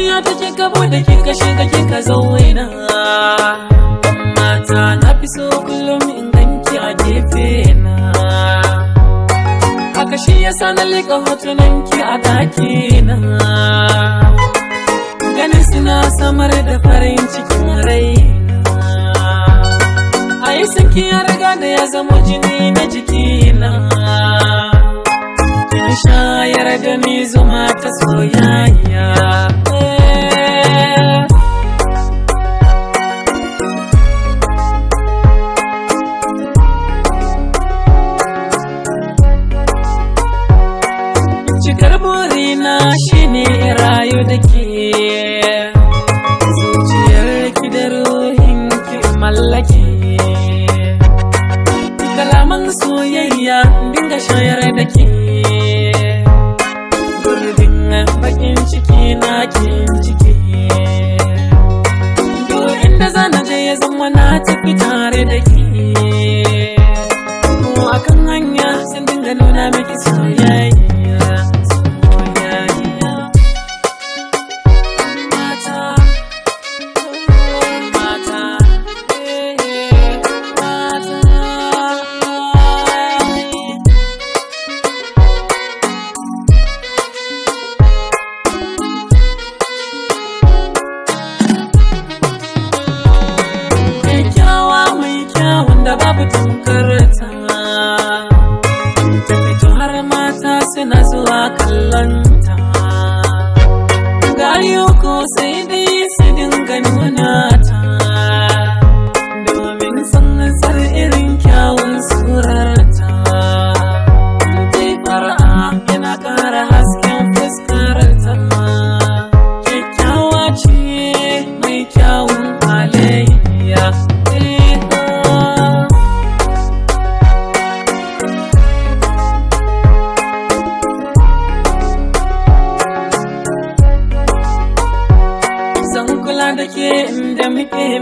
zuciya ta ke kabo da kin ka shiga kin ka zauna mata na fi so kullum in ganki a gefe na haka shi sa na lika hotunan ki a daki na ganin suna samar da farin cikin rai a yi saki ya riga da ya zama jini na jikina na. shayar da ni zuma ta soyayya shi ne rayu da ke zuciyar ki da ruhin ki mallake kalaman soyayya dinga shayar da ke gurbin bakin ciki na kin ciki duk inda zan je ya zama na tafi tare da ke fita makaranta ta fito har mata suna zuwa kallon ta gari ko sai dai su dinga nuna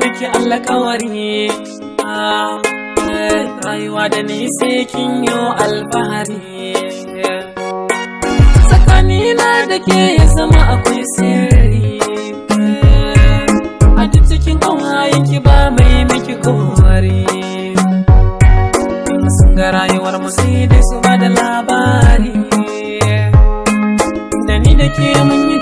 miki alƙawari eh, rayuwa da ni sai kin yi alfahari tsakanina da ke ya zama akwai sirri eh, a duk cikin ƙawayen ki ba mai miki kawari sun ga rayuwar mu sai dai su ba da labari da ni da ke mun yi